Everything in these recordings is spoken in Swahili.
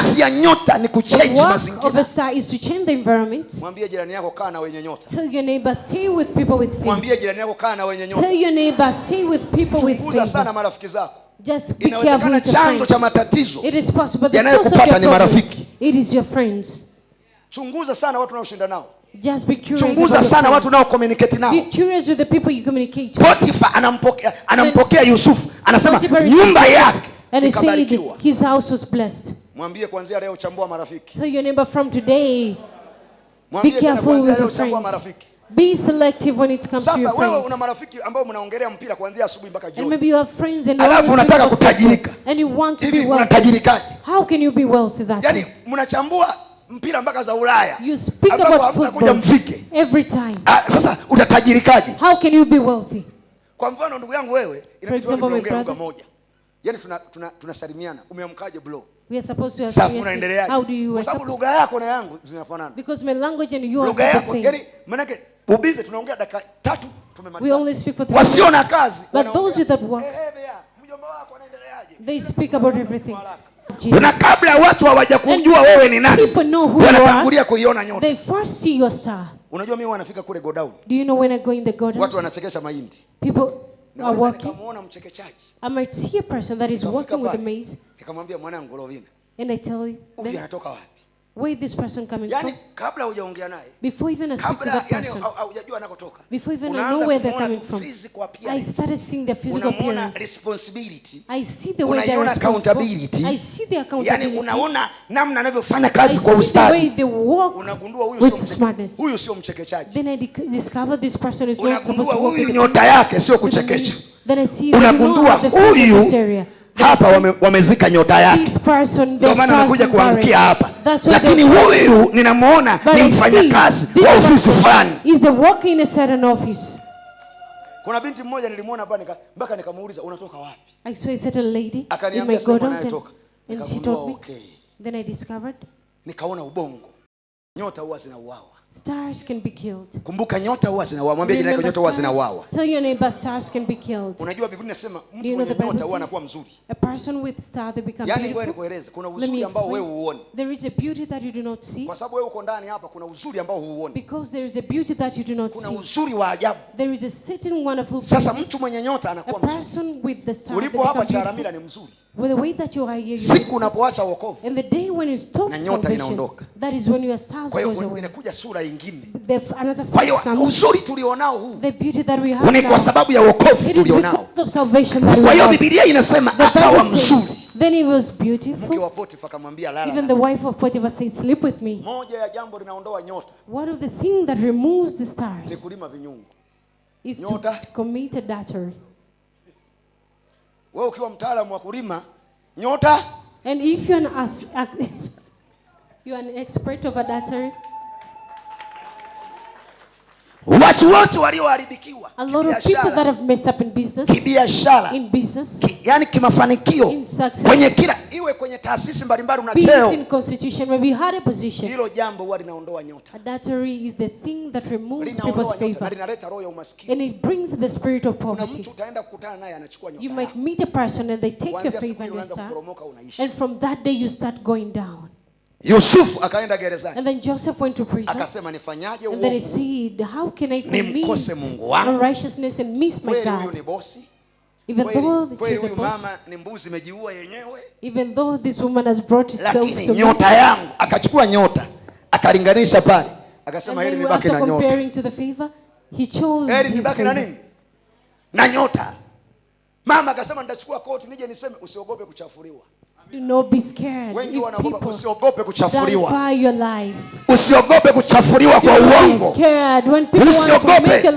kazi ya nyota ni kuchange mazingira. Mwambie jirani yako kaa na wenye nyota. jirani yako kaa na wenye nyota. sana marafiki zako. Just chanzo cha matatizo. It Ni marafiki. Chunguza sana watu unaoshinda nao. Just be curious. Chunguza sana watu nao communicate nao. Be curious with the people you communicate Potifa anampokea anampokea Yusufu anasema nyumba yake and he said his house was blessed. Mwambie kuanzia leo chambua marafiki. So your neighbor from today. Be careful with your friends. Be selective when it comes Sasa, to your friends. Sasa wewe una marafiki ambao mnaongelea mpira kuanzia asubuhi mpaka jioni. And maybe you have friends and alafu unataka kutajirika. And you want to be wealthy. Unatajirikaje? How can you be wealthy that? Yaani mnachambua mpira mpaka za Ulaya. You speak about football. Mfike. Every time. Ah, sasa utatajirikaje? How can you be wealthy? Kwa mfano ndugu yangu wewe, inabidi uongee lugha moja. Yaani tunasalimiana, tuna, tuna umeamkaje bro? We are supposed to have Lugha yako na yangu zinafanana. Because my language and yours are the same. Yaani, ubize tunaongea dakika tatu tumemaliza. na kazi. But those work. Eh, eh, they speak about everything. Na kabla watu hawajakujua wewe ni nani, wanatangulia kuiona nyota. They first see your star. Unajua mimi wanafika kule godown. Do you know when I go in the godown? Watu wanachekesha mahindi. People are working. I might see a person that is working with a maze. And I tell him, Where is this person coming yani, from? Kabla hujaongea naye. Before even I speak kabla, to that yaani, person. Yani, anakotoka. Before even I know where they're coming from. I started seeing their physical unaona appearance. responsibility. I see the way they're accountability. I see the yaani, accountability. Yani, unaona namna anavyofanya kazi kwa ustadi. I see the way they walk unagundua huyu with sio smartness. Huyu sio Then I discover this person is not supposed to walk. huyu nyota yake sio kuchekesha. unagundua huyu hapa wamezika wame, nyota yake, ndio maana amekuja kuangukia hapa. Lakini huyu ninamwona ni mfanyakazi wa ofisi fulani. Kuna binti mmoja nilimwona hapa nika, mpaka nikamuuliza unatoka wapi? I saw a certain lady in my godown and and she told me. Okay. Then I discovered. Nikaona ubongo. Nyota huwa zinauawa. Stars can be killed. Kumbuka nyota huwa zinawawa. Mwambie jina yako nyota huwa zinawawa. Tell your neighbor stars can be killed. Unajua Biblia inasema mtu mwenye nyota huwa anakuwa mzuri. A person with star they become yaani beautiful. Yaani wewe nikueleze kuna uzuri ambao wewe huoni. There is a beauty that you do not see. Kwa sababu wewe uko ndani hapa kuna uzuri ambao huoni. Because there is a beauty that you do not see. Kuna uzuri wa ajabu. There is a certain wonderful. beauty. Sasa mtu mwenye nyota anakuwa mzuri. A person with the star. Ulipo hapa Charamira ni mzuri. With the way that you are here. Siku unapoacha wokovu. And the day when you stop Na nyota inaondoka. That is when your stars goes away. Kwa hiyo inakuja sura sura ingine. Kwa hiyo uzuri tulionao huu ni kwa sababu ya wokovu tulionao. Kwa hiyo Biblia inasema akawa mzuri. Then he was beautiful. Even the wife of Potiphar said sleep with me. One of the things that removes the stars. Is to commit adultery. Wewe And if you're an, you are an expert of adultery. Watu wote walioharibikiwa kibiashara, yani kimafanikio, kwenye kila iwe kwenye taasisi mbalimbali had a position. jambo huwa linaondoa thing that roho ya favor and it utaenda kukutana naye anachukua nyota, you might meet a person and they take your favor and you start, and from that day you start going down Yusufu akaenda gerezani. And then Joseph went to prison. Akasema nifanyaje uovu? And then he said, how can I commit Nimkose Mungu wangu? Unrighteousness and miss my God. Wewe ni bosi. Even though this is a boss. mama ni mbuzi imejiua yenyewe. Even though this woman has brought itself to me. Lakini nyota yangu akachukua nyota akalinganisha pale. Akasema heri nibaki na nyota. Comparing to the favor, he chose. Heri nibaki na nini? Na nyota. Mama akasema nitachukua koti nije niseme usiogope kuchafuliwa. Wengi wanaogopa, usiogope kuchafuliwa. Usiogope kuchafuliwa kwa uongo. Usiogope.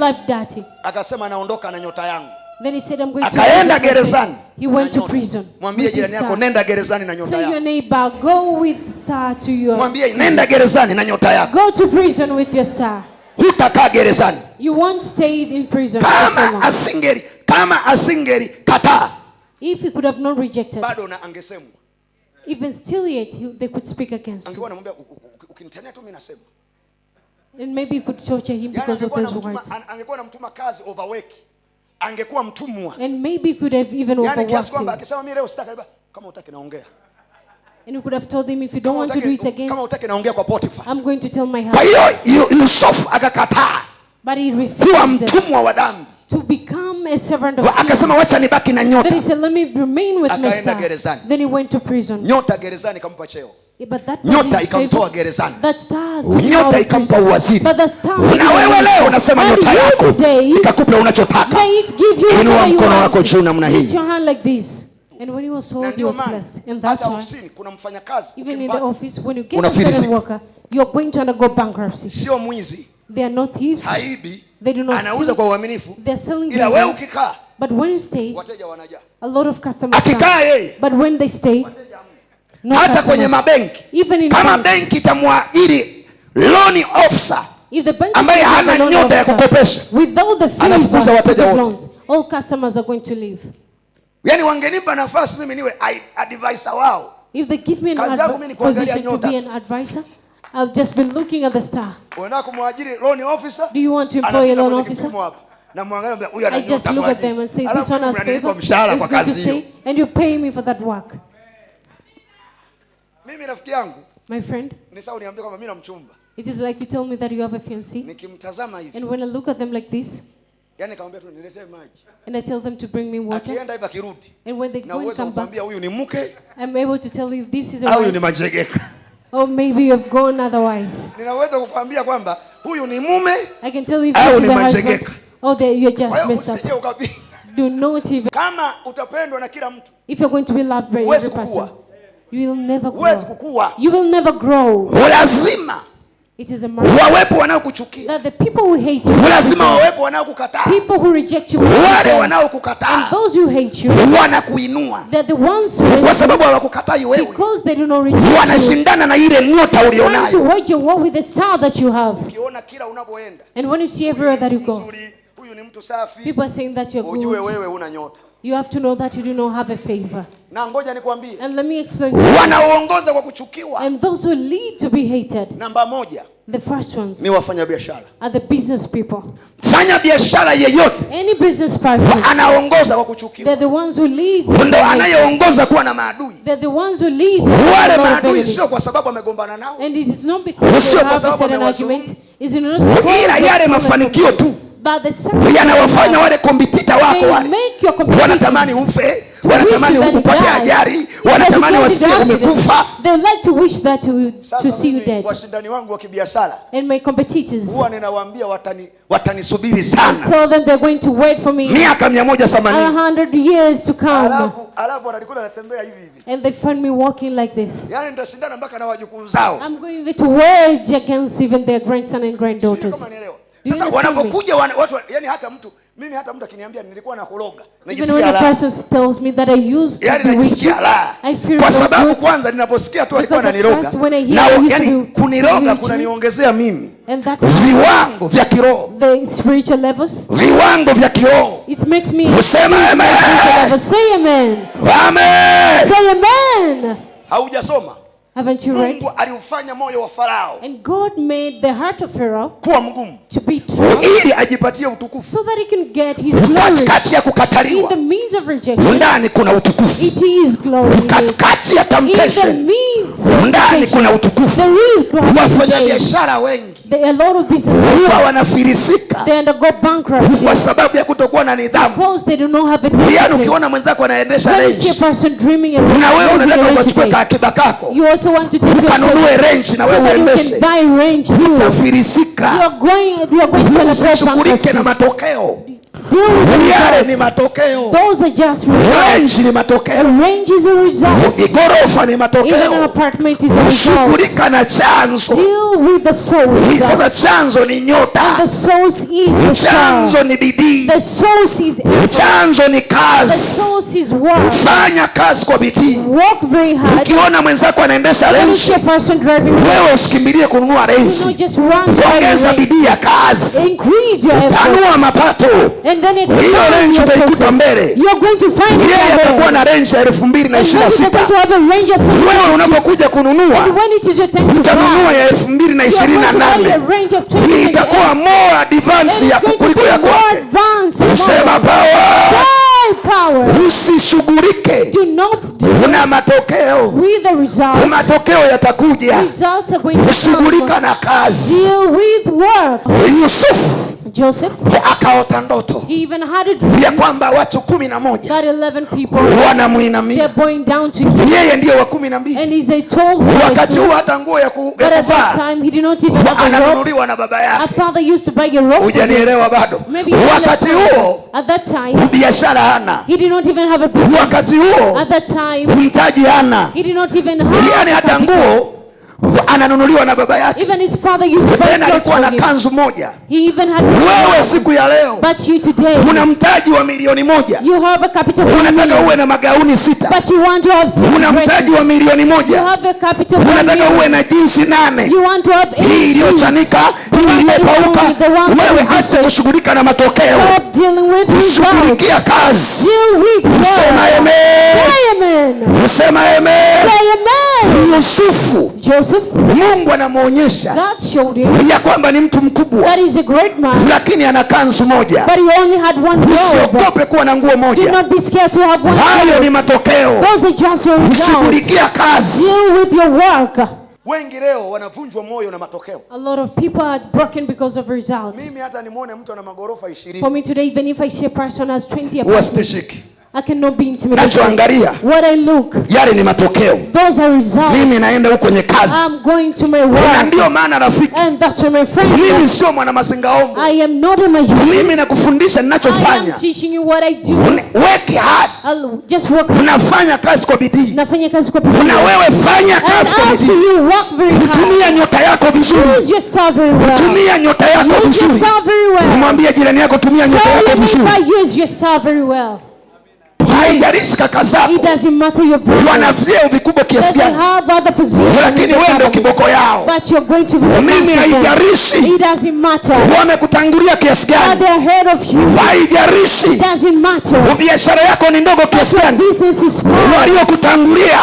Akasema na nyota yangu. Then he said, I'm going akaenda gerezani. He went to prison. jirani yako nenda gerezani na nyota Tell your neighbor go with star to your. Mwambie nenda gerezani na nyota yako. Go to prison with your star. Hutakaa gerezani. You won't stay in prison. Kama asingeri, kama asingeri kataa. If he could have not rejected. Bado na angesemwa even still yet he, they could speak against him. And maybe you could torture him because of those words. Angekuwa mtumwa. And maybe you could have even overworked him. kiasi kwamba akisema mimi leo sitaki kama utaki naongea. And you could have told him if you don't want to do it again. Kama utaki naongea kwa Potiphar. I'm going to tell my husband. Kwa hiyo akakataa. But he refused. Kuwa mtumwa wa dhambi akasema wacha nibaki na nyota, akaenda gerezani. Nyota gerezani ikampa cheo nyota ikamtoa gerezani, nyota ikampa uwaziri. Na wewe leo unasema nyota yako ikakupa unachotaka. Inua mkono wako juu namna hii. Kuna mfanyakazi unafikiri sio mwizi, haibi They do not anauza steal. kwa uaminifu ila wewe ukikaa But when you stay, wateja A lot of customers. Akikaa yeye. But when they stay, no hata customers. kwenye mabenki. Even in kama benki itamwajiri loan officer ambaye hana nyota ya kukopesha anafukuza wateja wote. All customers are going to leave. yani wangenipa nafasi mimi niwe advisor wao. If they give me an advisor, position to be an advisor. I've just been looking at the star. Do you want to employ a loan officer? I just look at them and say this one has favor. Mshahara kwa kazi And you pay me for that work. My friend. It is like you tell me that you have a fiancé. And when I look at them like this. And I tell them to bring me water. And when they go and come back. I'm able to tell you this is a wife. Or maybe you've gone otherwise. Ninaweza kukwambia kwamba huyu ni mume au ni majegeka. Oh, they, you're just messed up. Do not even. Kama utapendwa na kila mtu. If you're going to be loved by every person. You will never grow. You will never grow. Lazima wawepo wanaokuchukia, wawepo wanaokukataa. Wale kwa sababu hawakukatai wewe, na ile nyota ulionayo. kila unapoenda, ni mtu safi, wewe una nyota You have to know that you do not have a favor. Na ngoja nikwambie. And let me explain. Wanaoongoza kwa kuchukiwa. And those who lead to be hated. Namba moja. The first ones. Ni wafanya Are the business people. Fanya biashara yeyote. Any business person. Anaongoza kwa kuchukiwa. They're the ones who lead. Ndio anayeongoza kuwa na maadui. They're the ones who lead. Wale maadui sio kwa sababu amegombana nao. And it is not because they have an argument. Is it not? Ila yale mafanikio tu yanawafanya wale kompitita wako wale wanatamani ufe, wanatamani upate ajari wanatamani wasikie umekufa. Washindani wangu wa kibiashara huwa ninawaambia watanisubiri sana miaka mia moja themanini alafu natembea hivi hivi, and they find me walking like this. Yani nitashindana mpaka na wajukuu zao. I'm going to wage against even their grandson and granddaughters. Sasa wanapokuja wana, watu yani hata mtu mimi hata mtu akiniambia nilikuwa na koroga najisikia tells me that I used yani najisikia raha. Kwa sababu kwanza ninaposikia tu alikuwa ananiroga. Na yani kuniroga kunaniongezea mimi viwango vya kiroho. The spiritual levels. Viwango vya kiroho. It makes me Usema amen. Say amen. Amen. Say amen. Haujasoma? Haven't you read? Mungu aliufanya moyo wa Farao. And God made the heart of Pharaoh kuwa mgumu. To be tough. Ili ajipatie utukufu. So that he can get his glory. Katikati ya kukataliwa. In the means of rejection. Ndani kuna utukufu. It is glory. Katikati ya temptation. In the means of Ndani kuna utukufu. There is glory. Wafanyabiashara wengi huwa bankruptcy. kwa sababu ya kutokuwa na nidhamu. Yaani ukiona mwenzako anaendesha na wewe unataka ukachukue kakiba kako ukanunue renji na wewe uendeshe, utafirisika, usishughulike na matokeo. Ni matokeo. Those are just range ni matokeo. Range is a result. Igorofa ni matokeo. Even an apartment is a result. Shughulika na chanzo. Deal with the source. Sasa chanzo ni nyota. And the source is the star. Chanzo ni bidii. The source is effort. Chanzo ni kazi. The source is work. Fanya kazi kwa bidii. Work very hard. Ukiona mwenzako anaendesha range. Wewe usikimbilie kununua range. Ongeza bidii ya kazi. Increase your effort. mapato hiyo range utaikuta mbele. Yeye atakuwa na range ya 2026. Wewe unapokuja kununua utanunua ya 2028. Hii itakuwa more advance ya kuliko ya kwake. Usema power. Usishughulike, una matokeo, matokeo yatakuja. Ushughulika na kazi. Yusufu Joseph akaota ndoto ya kwamba watu kumi na moja wanamwinamia yeye, ndiyo wa kumi na mbili. Wakati huo hata nguo ya kuvaa ananunuliwa na baba yake. Hujanielewa bado? Wakati huo biashara hana, wakati huo mtaji hana, yaani hata nguo ananunuliwa na baba yake. Tena alikuwa na kanzu moja. Wewe siku ya leo una mtaji wa milioni moja, unataka uwe na magauni sita. Una mtaji wa milioni moja, unataka uwe na jinsi nane, hii iliyochanika, hii iliyopauka. Wewe acha kushughulika na matokeo, kushughulikia kazi. Sema amen. Nasema amen. Say amen. Yusufu, Joseph. Mungu anamwonyesha ya kwamba ni mtu mkubwa, That is a great man. lakini ana kanzu moja. But he only had one robe. Usiogope kuwa na nguo moja, Do not be scared to have one. hayo ni matokeo. Those are just your results. Shughulikia kazi. Deal with your work. Wengi leo wanavunjwa moyo na matokeo. A lot of people are broken because of results. Mimi hata nimuone mtu ana magorofa 20. For me today even if I see a person has 20 apartments nachoangalia yale ni matokeo. Mimi naenda huko kwenye kazi, na ndio maana rafiki, mimi sio mwana masingaombo. Mimi nakufundisha ninachofanya, weke hadi kazi kwa bidiina wewe fanya kazi kwa bidiitumia nyota yako vizuritumia nyota yako vizuri, umwambia jirani yako, tumia nyota yako vizuri haijalishi kaka zako wana vyeo vikubwa kiasi gani, lakini wewe ndio kiboko yao. Mimi haijalishi wamekutangulia kiasi gani, haijalishi biashara yako ni ndogo kiasi gani, waliokutangulia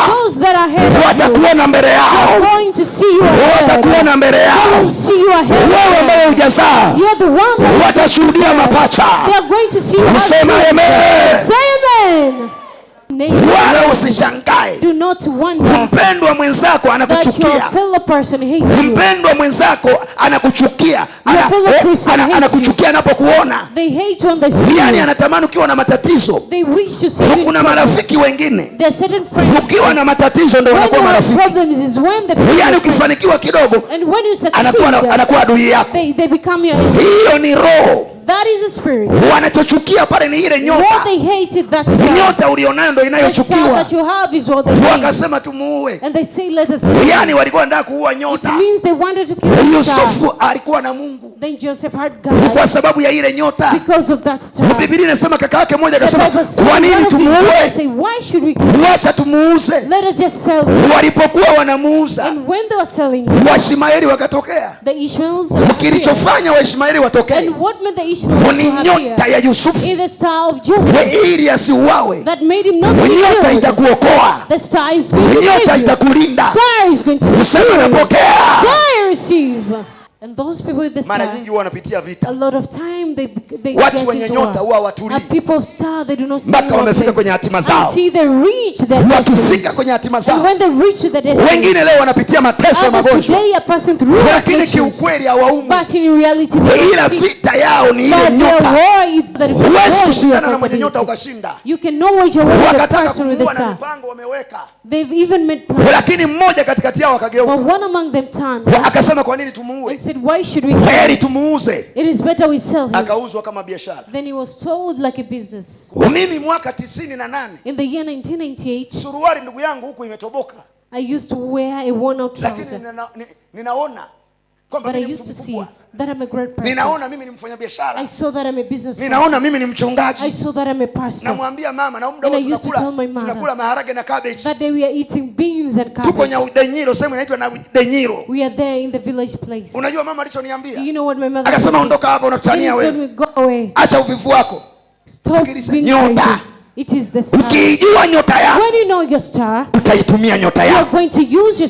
watakuona mbele yao, watakuona mbele yao. Wewe ambaye hujazaa watashuhudia mapacha. Msema amen. Amen. Wala usishangae mpendwa mwenzako anakuchukia, mpendwa mwenzako anakuchukia, anakuchukia anapokuona, yani anatamani ukiwa na matatizo. Kuna marafiki wengine ukiwa na matatizo ndio wanakuwa marafiki, yani ukifanikiwa kidogo anakuwa adui yako. Hiyo ni roho Wanachochukia pale ni ile nyota, nyota ulionayo ndio inayochukiwa. Wakasema tumuue, yaani walikuwa wanataka kuua nyota. alikuwa na Mungu kwa sababu ya ile nyota. Biblia inasema kaka yake mmoja akasema, kwa nini tumuue? Wacha tumuuze. Walipokuwa wanamuuza Waishmaeli wakatokea, kilichofanya Waishmaeli watokee ni nyota ya Yusufu, ili asiuawe. Nyota itakuokoa, nyota itakulinda. Usema napokea. And those people with the star, nyingi wanapitia vita. A lot of time they, they watu wenye nyota huwa watulii mpaka wamefika kwenye hatima zao, wakifika kwenye hatima zao. Wengine leo wanapitia mateso ya magonjwa, lakini kiukweli hawaumu, ila vita yao ni ile nyota. Huwezi kushindana na mwenye nyota ukashinda, wakataka kuua na mipango wameweka lakini mmoja katikati yao akageuka akasema, kwa nini tumuue? Heri tumuuze. Akauzwa kama biashara. Mimi mwaka tisini na nane suruali ndugu yangu huku imetoboka, lakini ninaona But I used to see that I'm a great person. I saw that I'm a business person. I saw that I'm a pastor. And I used to tell my tunakula That day we are eating beans and cabbage. We are there in the village place. Unajua You know what my mother said? ondoka hapa unatutania wewe. Acha uvivu Stop being crazy. It is the star. When you know your star. You are going to use your